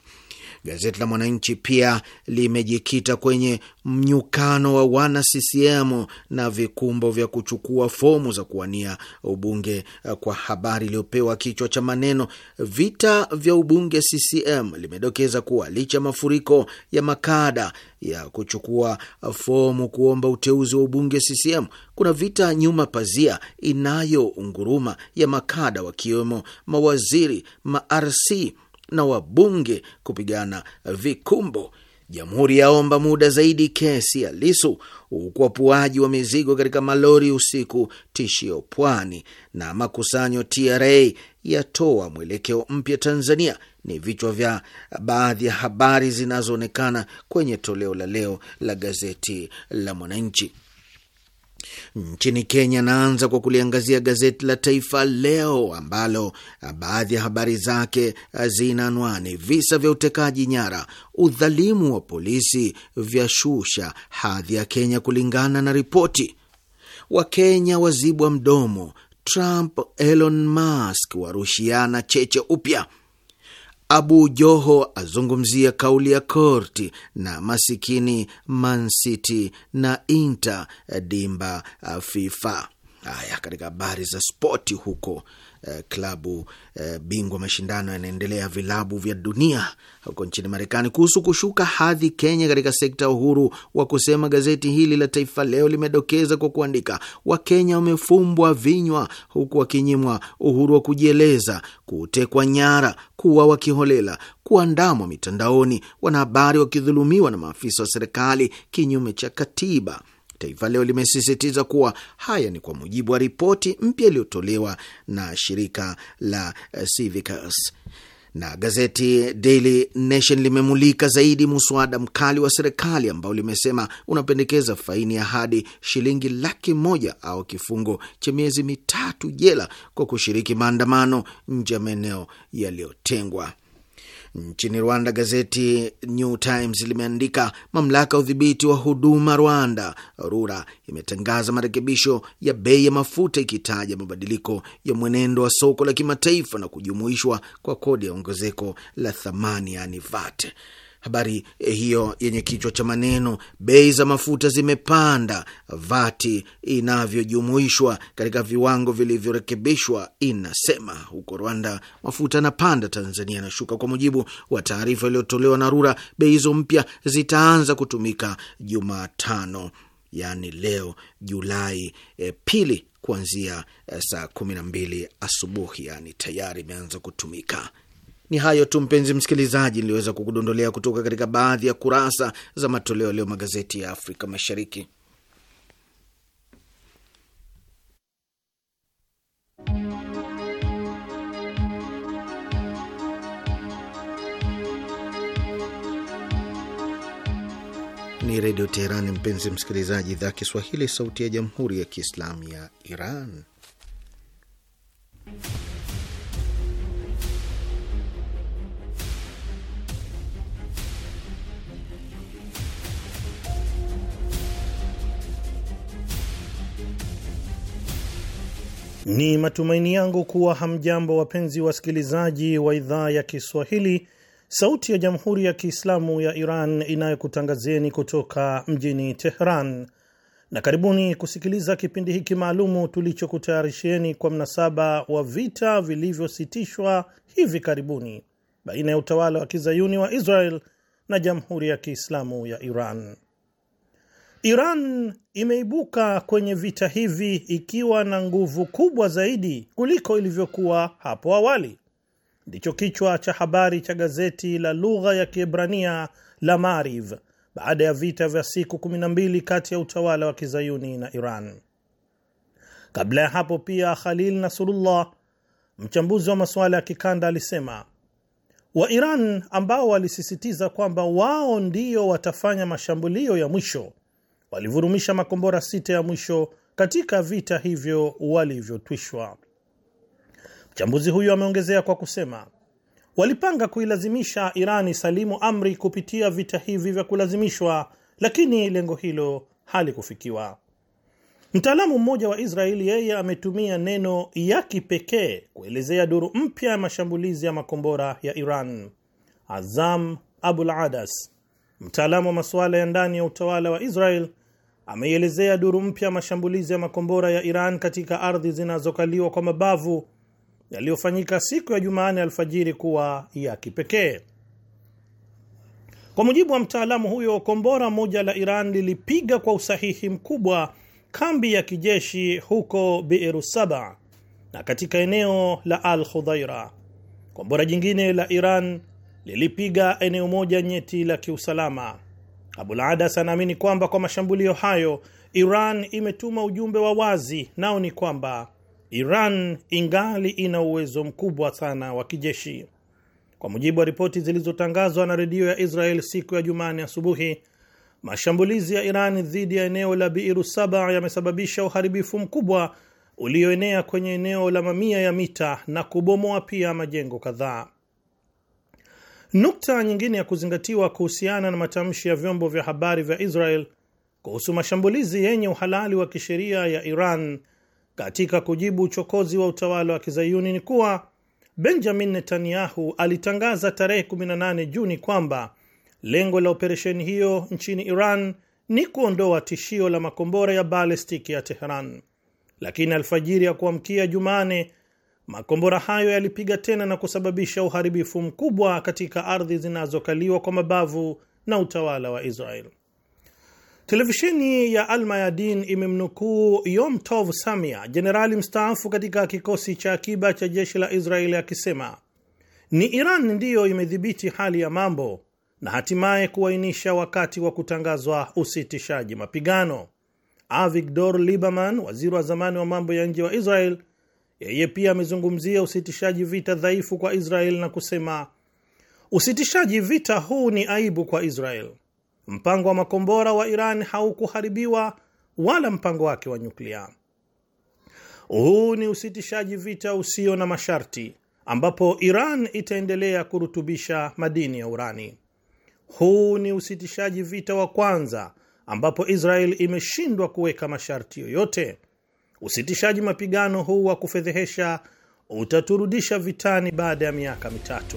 Gazeti la Mwananchi pia limejikita kwenye mnyukano wa wana CCM na vikumbo vya kuchukua fomu za kuwania ubunge, eh, kwa habari iliyopewa kichwa cha maneno vita vya ubunge CCM. Limedokeza kuwa licha mafuriko ya makada ya kuchukua fomu kuomba uteuzi wa ubunge CCM, kuna vita nyuma pazia inayounguruma ya makada wakiwemo mawaziri, ma RC na wabunge kupigana vikumbo. Jamhuri yaomba muda zaidi kesi ya Lisu, huku wapuaji wa mizigo katika malori usiku tishio pwani, na makusanyo TRA yatoa mwelekeo mpya Tanzania. Ni vichwa vya baadhi ya habari zinazoonekana kwenye toleo la leo la gazeti la Mwananchi. Nchini Kenya, naanza kwa kuliangazia gazeti la Taifa Leo ambalo ah, baadhi ya habari zake ah, zina anwani: visa vya utekaji nyara, udhalimu wa polisi vyashusha hadhi ya Kenya kulingana na ripoti; Wakenya wazibwa mdomo; Trump, Elon Musk warushiana cheche upya; Abu Joho azungumzia kauli ya korti na masikini Man City na Inter dimba FIFA. Haya, katika habari za spoti huko Eh, klabu eh, bingwa mashindano yanaendelea vilabu vya dunia huko nchini Marekani. Kuhusu kushuka hadhi Kenya katika sekta ya uhuru wa kusema, gazeti hili la Taifa Leo limedokeza kwa kuandika, Wakenya wamefumbwa vinywa huku wakinyimwa uhuru wa kujieleza, kutekwa nyara, kuwa wakiholela kuandamwa mitandaoni, wanahabari wakidhulumiwa na maafisa wa serikali kinyume cha katiba. Taifa Leo limesisitiza kuwa haya ni kwa mujibu wa ripoti mpya iliyotolewa na shirika la eh, Civicus na gazeti Daily Nation limemulika zaidi muswada mkali wa serikali ambao limesema unapendekeza faini ya hadi shilingi laki moja au kifungo cha miezi mitatu jela kwa kushiriki maandamano nje ya maeneo yaliyotengwa. Nchini Rwanda, gazeti New Times limeandika mamlaka ya udhibiti wa huduma Rwanda RURA imetangaza marekebisho ya bei ya mafuta ikitaja mabadiliko ya mwenendo wa soko la kimataifa na kujumuishwa kwa kodi ya ongezeko la thamani, yani VAT. Habari eh, hiyo yenye kichwa cha maneno bei za mafuta zimepanda, vati inavyojumuishwa katika viwango vilivyorekebishwa inasema, huko Rwanda mafuta yanapanda, Tanzania yanashuka. Kwa mujibu wa taarifa iliyotolewa na RURA, bei hizo mpya zitaanza kutumika Jumatano, yaani leo Julai e, pili kuanzia e, saa kumi na mbili asubuhi, yaani tayari imeanza kutumika. Ni hayo tu mpenzi msikilizaji, niliweza kukudondolea kutoka katika baadhi ya kurasa za matoleo leo magazeti ya Afrika Mashariki. Ni Redio Teherani, mpenzi msikilizaji, idhaa Kiswahili, sauti ya Jamhuri ya Kiislamu ya Iran. Ni matumaini yangu kuwa hamjambo, wapenzi wasikilizaji wa idhaa ya Kiswahili, sauti ya jamhuri ya Kiislamu ya Iran inayokutangazieni kutoka mjini Teheran, na karibuni kusikiliza kipindi hiki maalumu tulichokutayarishieni kwa mnasaba wa vita vilivyositishwa hivi karibuni baina ya utawala wa kizayuni wa Israel na jamhuri ya Kiislamu ya Iran. Iran imeibuka kwenye vita hivi ikiwa na nguvu kubwa zaidi kuliko ilivyokuwa hapo awali, ndicho kichwa cha habari cha gazeti la lugha ya Kiebrania la Maariv baada ya vita vya siku 12 kati ya utawala wa kizayuni na Iran. Kabla ya hapo pia, Khalil Nasrullah, mchambuzi wa masuala ya kikanda, alisema wa Iran ambao walisisitiza kwamba wao ndio watafanya mashambulio ya mwisho walivurumisha makombora sita ya mwisho katika vita hivyo walivyotwishwa. Mchambuzi huyo ameongezea kwa kusema walipanga kuilazimisha Irani salimu amri kupitia vita hivi vya kulazimishwa, lakini lengo hilo halikufikiwa. Mtaalamu mmoja wa Israeli yeye ametumia neno ya kipekee kuelezea duru mpya ya mashambulizi ya makombora ya Iran. Azam Abul Adas, mtaalamu wa masuala ya ndani ya utawala wa Israel, ameielezea duru mpya mashambulizi ya makombora ya Iran katika ardhi zinazokaliwa kwa mabavu yaliyofanyika siku ya Jumanne alfajiri kuwa ya kipekee. Kwa mujibu wa mtaalamu huyo, kombora moja la Iran lilipiga kwa usahihi mkubwa kambi ya kijeshi huko Biru Saba na katika eneo la Al Khudhaira. Kombora jingine la Iran lilipiga eneo moja nyeti la kiusalama. Abul Adas anaamini kwamba kwa mashambulio hayo Iran imetuma ujumbe wa wazi, nao ni kwamba Iran ingali ina uwezo mkubwa sana wa kijeshi. Kwa mujibu wa ripoti zilizotangazwa na redio ya Israel siku ya Jumane asubuhi, mashambulizi ya Iran dhidi ya eneo la Biiru Saba yamesababisha uharibifu mkubwa ulioenea kwenye eneo la mamia ya mita na kubomoa pia majengo kadhaa. Nukta nyingine ya kuzingatiwa kuhusiana na matamshi ya vyombo vya habari vya Israel kuhusu mashambulizi yenye uhalali wa kisheria ya Iran katika kujibu uchokozi wa utawala wa kizayuni ni kuwa Benjamin Netanyahu alitangaza tarehe 18 Juni kwamba lengo la operesheni hiyo nchini Iran ni kuondoa tishio la makombora ya balestiki ya Teheran, lakini alfajiri ya kuamkia Jumane Makombora hayo yalipiga tena na kusababisha uharibifu mkubwa katika ardhi zinazokaliwa kwa mabavu na utawala wa Israel. Televisheni ya Almayadin imemnukuu Yom Tov Samia, jenerali mstaafu katika kikosi cha akiba cha jeshi la Israeli, akisema ni Iran ndiyo imedhibiti hali ya mambo na hatimaye kuainisha wakati wa kutangazwa usitishaji mapigano. Avigdor liberman waziri wa zamani wa mambo ya nje wa Israel, yeye pia amezungumzia usitishaji vita dhaifu kwa Israel na kusema usitishaji vita huu ni aibu kwa Israel. Mpango wa makombora wa Iran haukuharibiwa wala mpango wake wa nyuklia. Huu ni usitishaji vita usio na masharti, ambapo Iran itaendelea kurutubisha madini ya urani. Huu ni usitishaji vita wa kwanza ambapo Israel imeshindwa kuweka masharti yoyote Usitishaji mapigano huu wa kufedhehesha utaturudisha vitani baada ya miaka mitatu.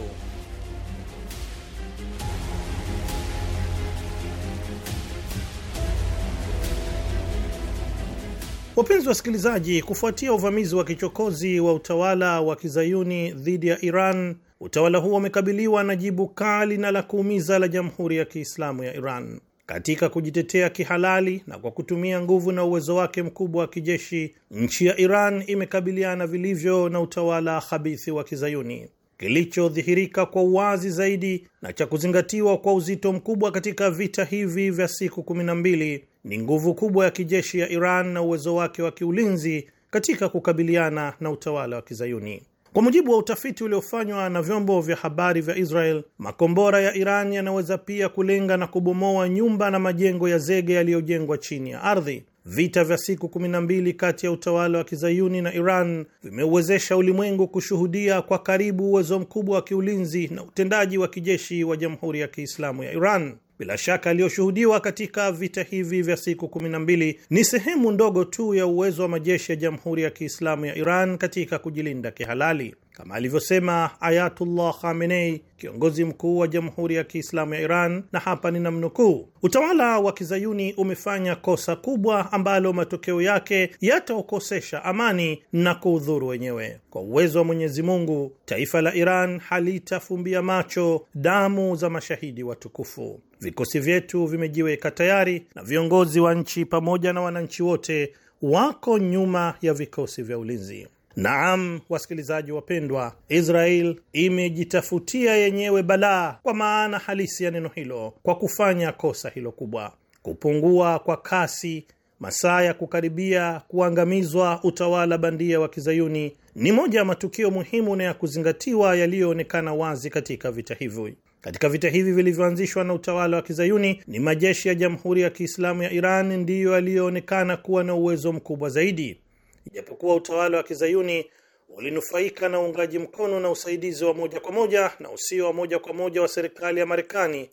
Wapenzi wasikilizaji, kufuatia uvamizi wa kichokozi wa utawala wa kizayuni dhidi ya Iran, utawala huo umekabiliwa na jibu kali na la kuumiza la Jamhuri ya Kiislamu ya Iran katika kujitetea kihalali na kwa kutumia nguvu na uwezo wake mkubwa wa kijeshi, nchi ya Iran imekabiliana vilivyo na utawala khabithi wa Kizayuni. Kilichodhihirika kwa uwazi zaidi na cha kuzingatiwa kwa uzito mkubwa katika vita hivi vya siku kumi na mbili ni nguvu kubwa ya kijeshi ya Iran na uwezo wake wa kiulinzi katika kukabiliana na utawala wa Kizayuni. Kwa mujibu wa utafiti uliofanywa na vyombo vya habari vya Israel, makombora ya Iran yanaweza pia kulenga na kubomoa nyumba na majengo ya zege yaliyojengwa chini ya ardhi. Vita vya siku 12 kati ya utawala wa kizayuni na Iran vimeuwezesha ulimwengu kushuhudia kwa karibu uwezo mkubwa wa kiulinzi na utendaji wa kijeshi wa Jamhuri ya Kiislamu ya Iran. Bila shaka aliyoshuhudiwa katika vita hivi vya siku 12 ni sehemu ndogo tu ya uwezo wa majeshi ya Jamhuri ya Kiislamu ya Iran katika kujilinda kihalali kama alivyosema Ayatullah Khamenei, kiongozi mkuu wa Jamhuri ya Kiislamu ya Iran, na hapa ni namnukuu utawala wa kizayuni umefanya kosa kubwa ambalo matokeo yake yataokosesha amani na kuudhuru wenyewe. Kwa uwezo wa Mwenyezi Mungu, taifa la Iran halitafumbia macho damu za mashahidi watukufu. Vikosi vyetu vimejiweka tayari na viongozi wa nchi pamoja na wananchi wote wako nyuma ya vikosi vya ulinzi. Naam, wasikilizaji wapendwa, Israel imejitafutia yenyewe balaa kwa maana halisi ya neno hilo, kwa kufanya kosa hilo kubwa, kupungua kwa kasi masaa ya kukaribia kuangamizwa utawala bandia wa kizayuni ni moja ya matukio muhimu na ya kuzingatiwa yaliyoonekana wazi katika vita hivi. Katika vita hivi vilivyoanzishwa na utawala wa kizayuni, ni majeshi ya Jamhuri ya Kiislamu ya Iran ndiyo yaliyoonekana kuwa na uwezo mkubwa zaidi, Ijapokuwa utawala wa kizayuni ulinufaika na uungaji mkono na usaidizi wa moja kwa moja na usio wa moja kwa moja wa serikali ya Marekani,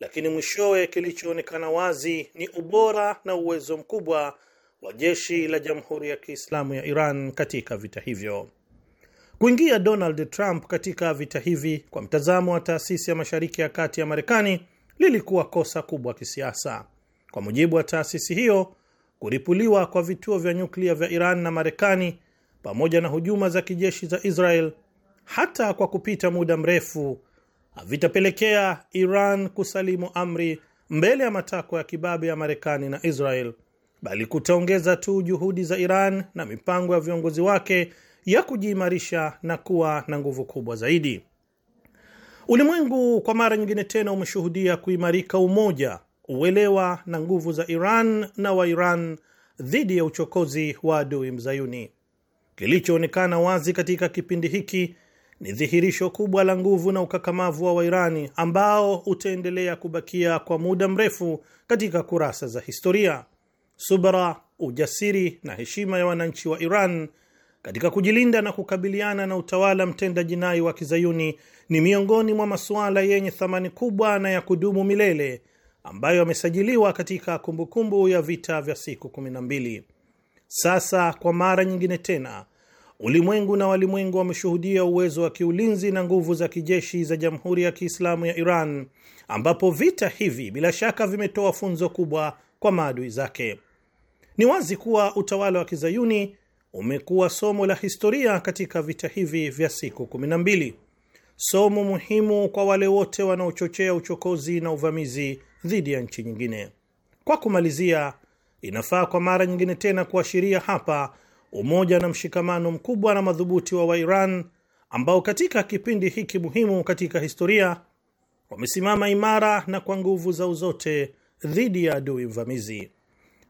lakini mwishowe kilichoonekana wazi ni ubora na uwezo mkubwa wa jeshi la Jamhuri ya Kiislamu ya Iran katika vita hivyo. Kuingia Donald Trump katika vita hivi, kwa mtazamo wa taasisi ya Mashariki ya Kati ya Marekani, lilikuwa kosa kubwa kisiasa. Kwa mujibu wa taasisi hiyo, kuripuliwa kwa vituo vya nyuklia vya Iran na Marekani pamoja na hujuma za kijeshi za Israel hata kwa kupita muda mrefu havitapelekea Iran kusalimu amri mbele ya matakwa ya kibabe ya Marekani na Israel, bali kutaongeza tu juhudi za Iran na mipango ya viongozi wake ya kujiimarisha na kuwa na nguvu kubwa zaidi. Ulimwengu kwa mara nyingine tena umeshuhudia kuimarika umoja uelewa na nguvu za Iran na Wairan dhidi ya uchokozi wa adui mzayuni. Kilichoonekana wazi katika kipindi hiki ni dhihirisho kubwa la nguvu na ukakamavu wa Wairani ambao utaendelea kubakia kwa muda mrefu katika kurasa za historia. Subra, ujasiri na heshima ya wananchi wa Iran katika kujilinda na kukabiliana na utawala mtenda jinai wa kizayuni ni miongoni mwa masuala yenye thamani kubwa na ya kudumu milele ambayo yamesajiliwa katika kumbukumbu kumbu ya vita vya siku 12. Sasa kwa mara nyingine tena ulimwengu na walimwengu wameshuhudia uwezo wa kiulinzi na nguvu za kijeshi za Jamhuri ya Kiislamu ya Iran, ambapo vita hivi bila shaka vimetoa funzo kubwa kwa maadui zake. Ni wazi kuwa utawala wa kizayuni umekuwa somo la historia katika vita hivi vya siku 12, somo muhimu kwa wale wote wanaochochea uchokozi na uvamizi dhidi ya nchi nyingine. Kwa kumalizia, inafaa kwa mara nyingine tena kuashiria hapa umoja na mshikamano mkubwa na madhubuti wa Wairan ambao katika kipindi hiki muhimu katika historia wamesimama imara na kwa nguvu zao zote dhidi ya adui mvamizi.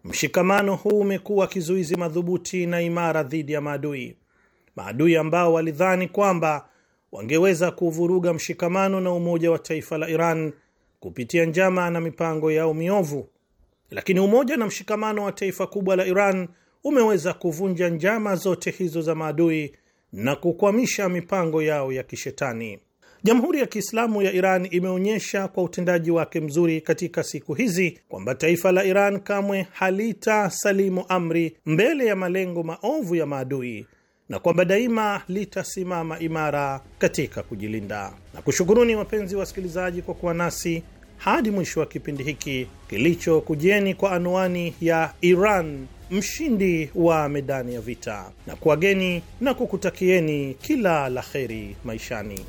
Mshikamano huu umekuwa kizuizi madhubuti na imara dhidi ya maadui, maadui ambao walidhani kwamba wangeweza kuvuruga mshikamano na umoja wa taifa la Iran kupitia njama na mipango yao miovu, lakini umoja na mshikamano wa taifa kubwa la Iran umeweza kuvunja njama zote hizo za maadui na kukwamisha mipango yao ya kishetani. Jamhuri ya Kiislamu ya Iran imeonyesha kwa utendaji wake mzuri katika siku hizi kwamba taifa la Iran kamwe halita salimu amri mbele ya malengo maovu ya maadui na kwamba daima litasimama imara katika kujilinda. Na kushukuruni wapenzi wasikilizaji kwa kuwa nasi hadi mwisho wa kipindi hiki kilichokujieni kwa anwani ya Iran mshindi wa medani ya vita, na kuwageni na kukutakieni kila la kheri maishani.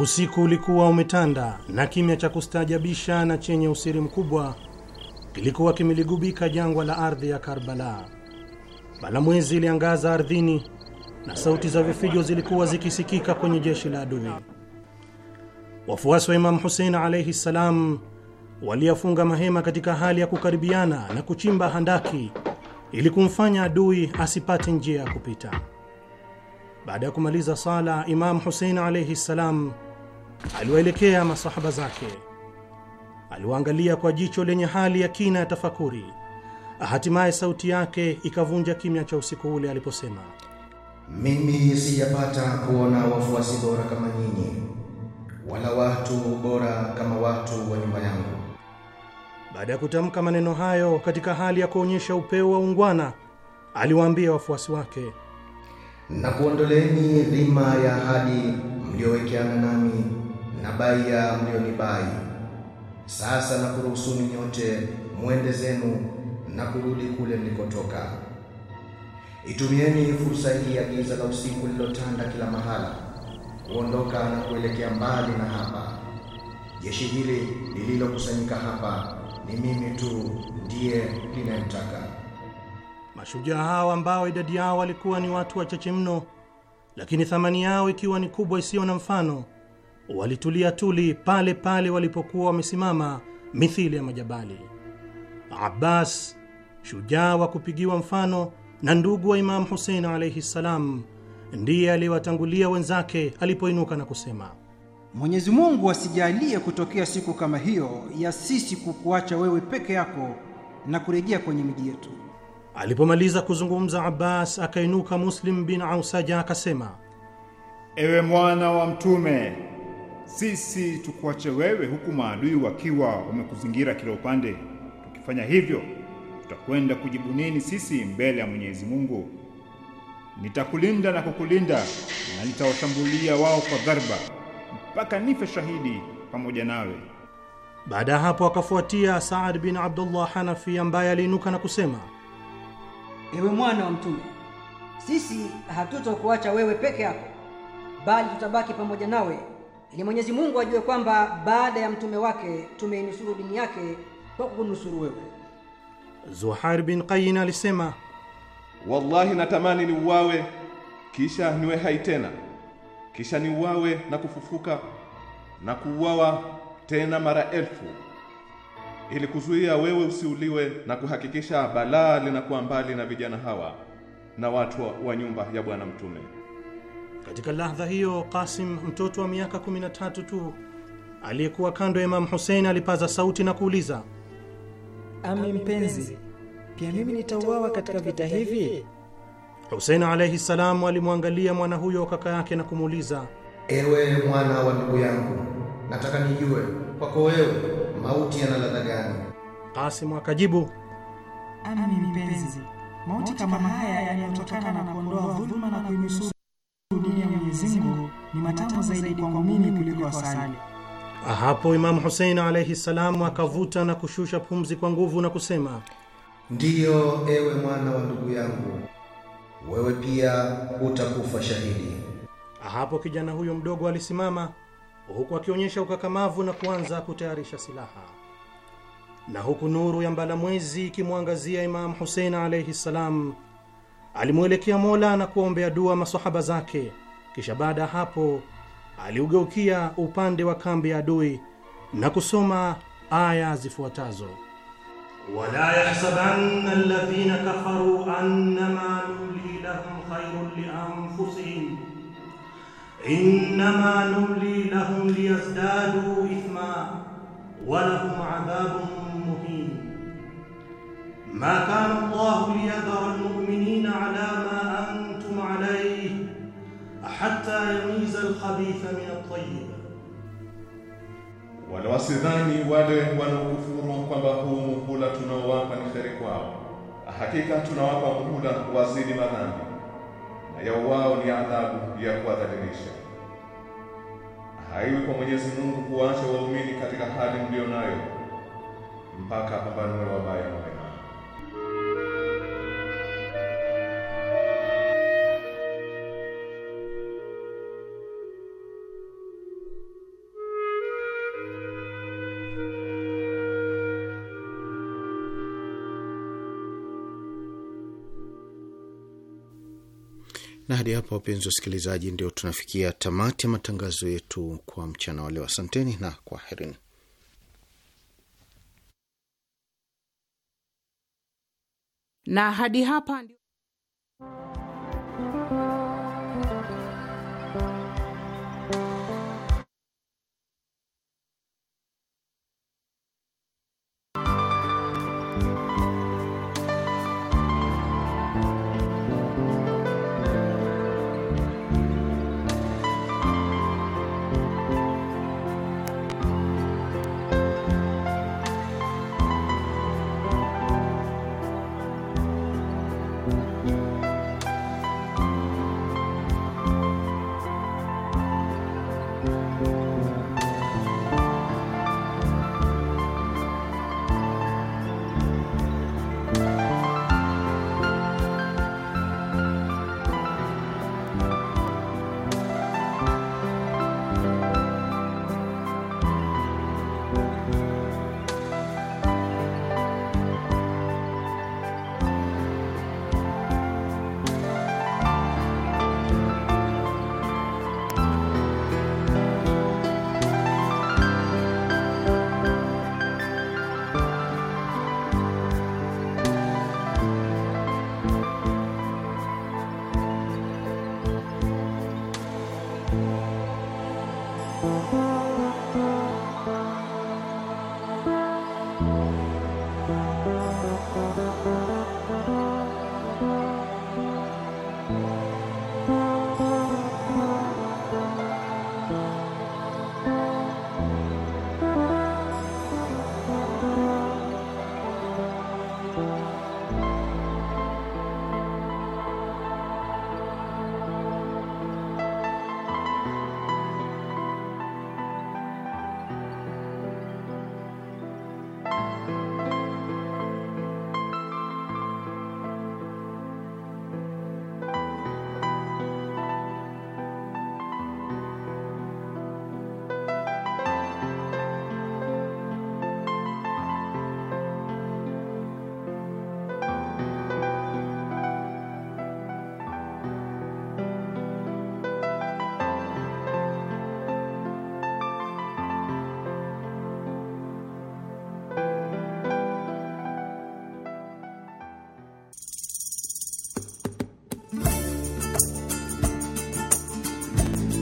Usiku ulikuwa umetanda na kimya cha kustaajabisha na chenye usiri mkubwa kilikuwa kimeligubika jangwa la ardhi ya Karbala. bala mwezi iliangaza ardhini na sauti za vifijo zilikuwa zikisikika kwenye jeshi la adui. Wafuasi wa Imamu Husein alaihi ssalam waliyafunga mahema katika hali ya kukaribiana na kuchimba handaki ili kumfanya adui asipate njia ya kupita. Baada ya kumaliza sala, Imamu Husein alaihi ssalam aliwaelekea masahaba zake, aliwaangalia kwa jicho lenye hali ya kina ya tafakuri. Hatimaye sauti yake ikavunja kimya cha usiku ule aliposema, mimi sijapata kuona wafuasi bora kama nyinyi wala watu bora kama watu wa nyumba yangu. Baada ya kutamka maneno hayo katika hali ya kuonyesha upeo wa ungwana, aliwaambia wafuasi wake, na kuondoleni dhima ya ahadi mliyowekeana nami na baiya mlionibai. Sasa na kuruhusuni nyote mwende zenu na kurudi kule mlikotoka. Itumieni fursa hii ya giza la usiku lililotanda kila mahala kuondoka na kuelekea mbali na hapa. Jeshi hili lililokusanyika hapa ni mimi tu ndiye ninayemtaka. Mashujaa hao ambao idadi yao walikuwa ni watu wachache mno, lakini thamani yao ikiwa ni kubwa isiyo na mfano walitulia tuli pale pale walipokuwa wamesimama mithili ya majabali. Abbas, shujaa wa kupigiwa mfano na ndugu wa Imamu Husein alaihi ssalam, ndiye aliyewatangulia wenzake alipoinuka na kusema, Mwenyezi Mungu asijalie kutokea siku kama hiyo ya sisi kukuacha wewe peke yako na kurejea kwenye miji yetu. Alipomaliza kuzungumza, Abbas akainuka Muslim bin Ausaja akasema, ewe mwana wa Mtume, sisi tukuache wewe, huku maadui wakiwa wamekuzingira kila upande. Tukifanya hivyo, tutakwenda kujibu nini sisi mbele ya Mwenyezi Mungu? Nitakulinda na kukulinda na nitawashambulia wao kwa dharba mpaka nife shahidi pamoja nawe. Baada ya hapo akafuatia Saad bin Abdullah Hanafi ambaye aliinuka na kusema, ewe mwana wa Mtume, sisi hatutokuacha wewe peke yako, bali tutabaki pamoja nawe ili Mwenyezi Mungu ajue kwamba baada ya mtume wake tumeinusuru dini yake kwa kukunusuru wewe. Zuhair bin Qayn alisema, wallahi natamani niuawe kisha niwe hai tena, kisha niuawe na kufufuka na kuuawa tena mara elfu, ili kuzuia wewe usiuliwe na kuhakikisha balaa linakuwa mbali na vijana hawa na watu wa nyumba ya Bwana Mtume. Katika lahdha hiyo, Kasim mtoto wa miaka 13 tu aliyekuwa kando ya Imamu Husein alipaza sauti na kuuliza, ami mpenzi, pia mimi nitauawa katika vita hivi? Husein alaihi salamu alimwangalia mwana huyo kaka yake na kumuuliza, ewe mwana wa ndugu yangu, nataka nijue kwako wewe mauti yana ladha gani? Kasimu akajibu, ami mpenzi, mauti kama haya yanayotokana na kuondoa dhuluma na kuinusuru dini ya Mwenyezi Mungu ni matamu zaidi kwangu mimi kuliko asali. Hapo Imamu Husein alaihi salamu akavuta na kushusha pumzi kwa nguvu na kusema, ndiyo ewe mwana wa ndugu yangu, wewe pia utakufa shahidi. Hapo kijana huyo mdogo alisimama huku akionyesha ukakamavu na kuanza kutayarisha silaha, na huku nuru ya mbalamwezi ikimwangazia Imamu Husein alaihi salam alimwelekea Mola na kuombea dua masahaba zake. Kisha baada ya hapo aliugeukia upande wa kambi ya adui na kusoma aya zifuatazo: wala yahsabanna alladhina kafaru annama nulli lahum khayrun lianfusihim innama nulli lahum liyazdadu ithma wa lahum adhabun muhin ma kana Allahu liyadhara على ما أنتم عليه حتى يميز الخبيث من الطيب wala wasidhani wale wanaokufuru kwamba huu muhula tunaowapa ni kheri kwao hakika tunawapa muhula wazidi madhambi na yao wao ni adhabu ya kuwadhalilisha haiwi kwa mwenyezi mungu kuwaacha waumini katika hali mlio nayo mpaka pambanue wabaya mabaya hadi hapa, wapenzi wasikilizaji, ndio tunafikia tamati ya matangazo yetu kwa mchana wa leo. Asanteni na kwaherini. Na hadi hapa